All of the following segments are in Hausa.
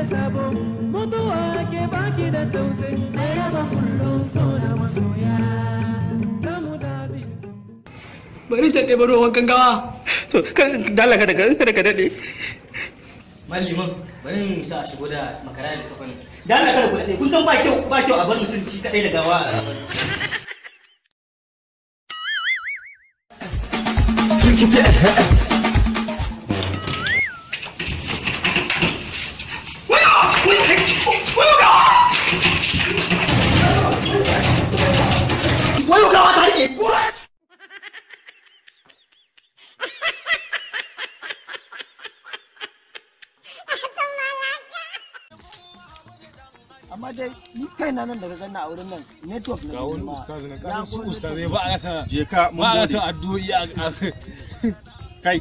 da sabo mutuwa ke baki da tausayi a so da masoya bari ta dala ka ka daɗe bari mu sa shigo da makara da kafanin dala ka daɗe kun san ba kyau ba kyau a bar mutunci kaɗai da gawa amma dai ni kai na nan daga gan na auren nan network ne ga wani ustaz na kan su ustazai ba a san je ka mun ba a san addu'o'i a kai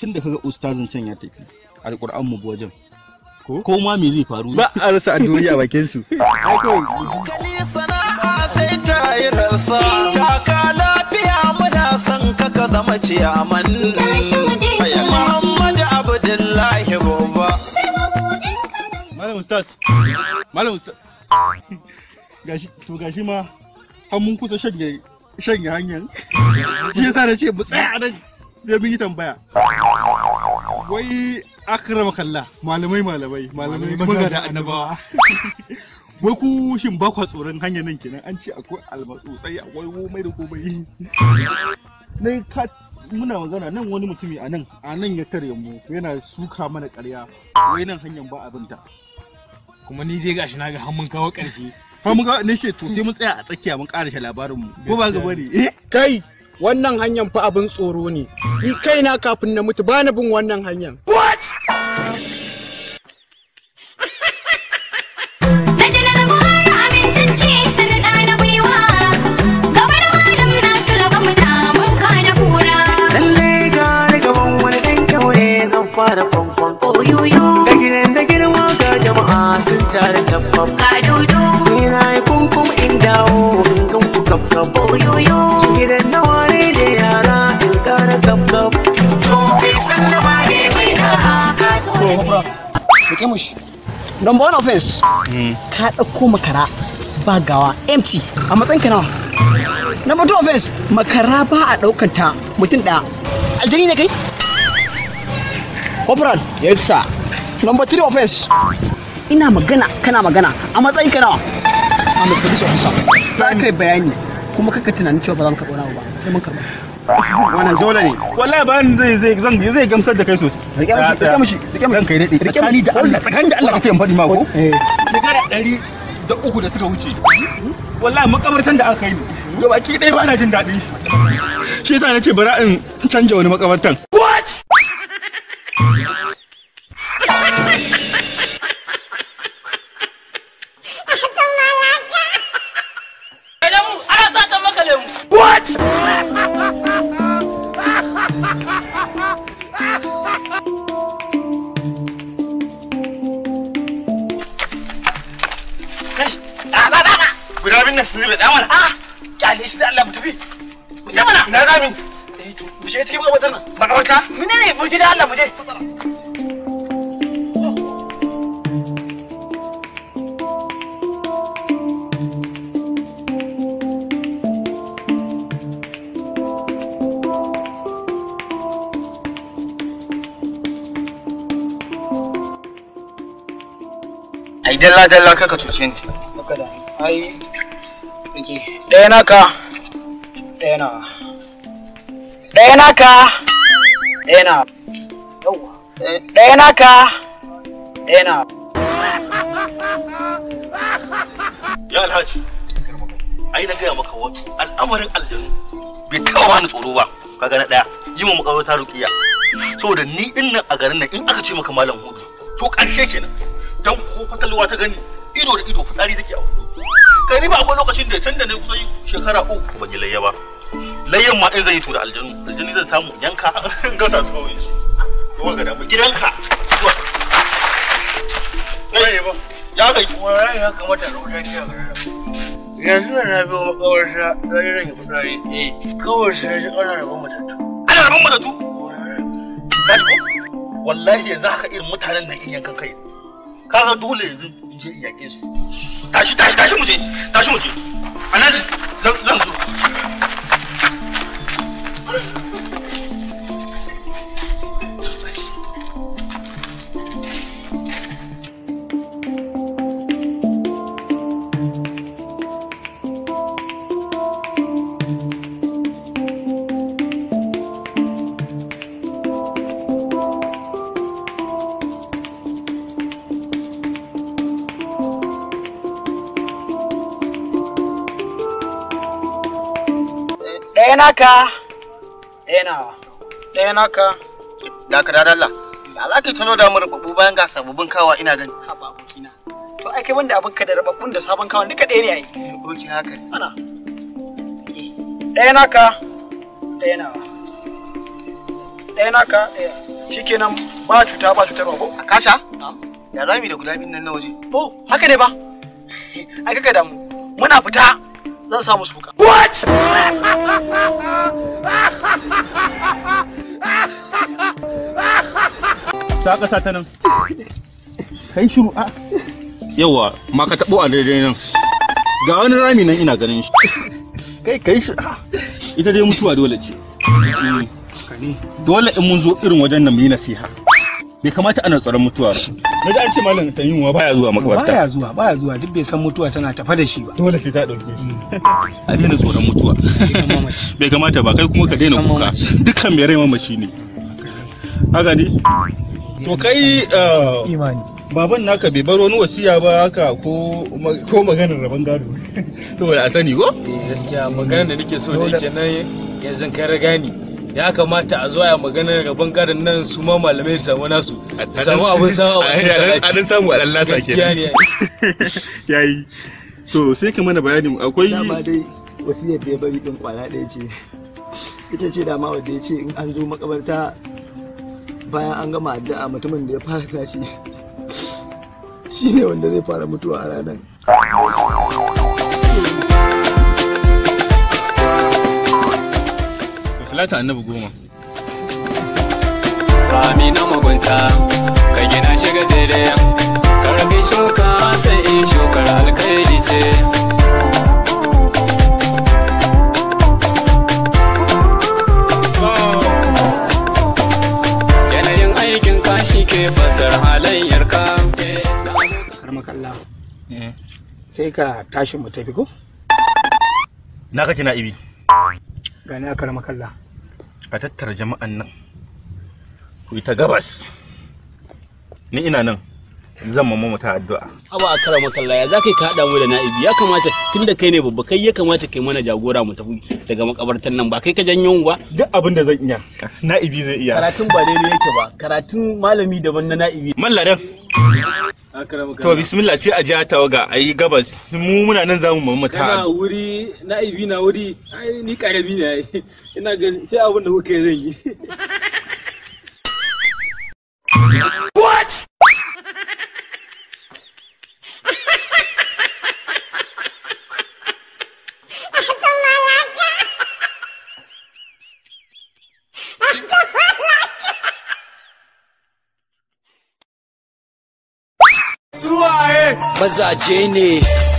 tun da kaga ustazin can ya tafi alquran mu wajen ko ko ma me zai faru ba a rasa addu'o'i a bakin su ai kawai sana'a sai ta yi rasa taka lafiya muna son ka ka zama ciyaman Muhammad Abdullahi malam ustaz malam ustaz gashi to gashi ma har mun kusa shanye shanye hanyar shi yasa na ce bu tsaya a nan sai mun yi tambaya wai akrama kallah malamai malamai malamai magada annabawa wai ku shin ba kwa tsoron hanyar nan kenan an ce akwai almatsotsai akwai komai da komai nai ka muna magana nan wani mutumi a nan a nan ya tare mu yana suka mana ƙarya wai nan hanyar ba abinta kuma ni dai gashi na ga har mun kawo ƙarshe har mun kawo ne ce to sai mun tsaya a tsakiya mun ƙarashe labarin mu ko ba gaba ne eh. kai wannan hanyar fa abin tsoro ne ni kaina kafin na mutu ba na bin wannan hanyar kai mushi number one offense hmm. ka ɗauko makara ba gawa empty a matsayin ka nawa number two offense makara ba a daukan ta mutum ɗaya aljani ne kai corporal yes sir number three offense ina magana kana magana a matsayin ka nawa a matsayin officer ba kai bayani kuma kaka tunanin cewa ba za mu karɓi wani ba sai mun karɓa wannan dole ne wallahi bayan zai zai zan zai gamsar da kai sosai rike mishi rike mishi rike mishi ranka rike tsakani da Allah tsakani da Allah kace in fadi ma ko eh. shekara 100 da uku da suka wuce wallahi makabartan da aka yi Gaba baki ɗaya ba na jin daɗin shi shi yasa nace bara in canja wani makabartan guda bin nan sun zube tsaya mana a kyale shi da Allah mu tafi mu je mana ina za mu eh to mu je cikin makabartar nan makabarta menene mu je da Allah mu je ai dalla dalla kaka cuce ni ai Ɗaya ka Ɗaya na. Ɗaya naka. Ɗaya na. Ɗaya naka. Ɗaya na. Ya Alhaji, ai na gaya maka wato al'amarin aljanu bai taɓa bani tsoro ba. ka gana ɗaya, yi ma makarauta rukiya. Saboda ni ɗin nan a garin nan in aka ce maka malam hudu, to ƙarshe kenan. Dan ko fatalwa ta gani ido da ido fitsari take a wani kai ni ba akwai lokacin da san da ne kusan shekara uku ban yi layya ba layyan ma in zan yi tura aljanu aljanu zan samu yanka in gasa su kawai shi to ga dama gidanka zuwa kai ba ya kai wallahi ya kamata na shi a garin yanzu na biyo makawarsa don yin rage fitsari eh. kawai sai shi ana rabon matattu ana rabon matattu wallahi yanzu haka irin mutanen da in yankan kai ga dole yanzu je su tashi tashi tashi mu tashi mu alhaji zan zo ɗaya naka ɗaya nawa ɗaya naka da ka dalla ba za ka tuno da mu rubabu bayan ga sababbin kawa ina gani haba abokina to ai kai wanda abinka da rubabbun da sabon kawa duka ɗaya ne ai oke haka ne ana ɗaya naka ɗaya nawa ɗaya naka ɗaya shikenan ba cuta ba cutar ba ko a kasha ya zami da guda biyun nan na waje oh haka ne ba ai kaka damu muna fita zan samu suka what ta kasa ta nan kai shiru a yawa ma ka tabo a daidai nan ga wani rami nan ina ganin shi kai kai shi ita dai mutuwa dole ce dole in mun zo irin wajen nan mu yi nasiha bai kamata ana tsaron mutuwa ba na ji an ce malam tanyuwa baya zuwa makabarta baya zuwa baya zuwa duk bai san mutuwa tana tafa da shi ba dole sai ta dauke shi a daina tsoron mutuwa bai kamata ba kai kuma ka daina kuka dukkan mai rai mamaci ne haka ne to kai uh, imani baban naka bai baro ni wasiya ba haka ko ko maganar raban gado to a sani ko eh, gaskiya maganar da nake so da yake nan yanzu kai riga ni ya kamata a zuwa ya maganar rabon karin nan su ma malamai su samu nasu samu abin samu a dan samu a dan lasa Ya yayi to sai ka mana bayani akwai dama dai wasiyar da ya bari din kwala ɗaya ce ita ce dama wanda ya ce in an zo makabarta bayan an gama addu'a mutumin da ya fara tashi shine wanda zai fara mutuwa a ranar ta annabi goma rami na mugunta kai gina shiga gajere karfi shuka sai in shukar alkhairi ce yanayin aikin kashi ke fasar halayyar ka karmakalla eh. sai ka tashi mu tafi ko na kake na ibi gani a karmakalla a tattara jama'an nan ku ta gabas ni ina nan zan mu mamata addu'a aba a kara makalla ya kai ka hada mu da na'ibi ya kamata tunda kai ne babba kai ya kamata kai mana jagora mu tafi daga makabartan nan ba kai ka janyo ba duk abin da zan iya na'ibi zai iya karatun ba daidai yake ba karatun malami daban na na'ibi malladan to bismillah sai a ja tawaga a yi gabas mu muna nan zamu mu mata kana wuri na ibi na wuri ni karami ne ina ga sai abin da kuke zan yi mazaje ne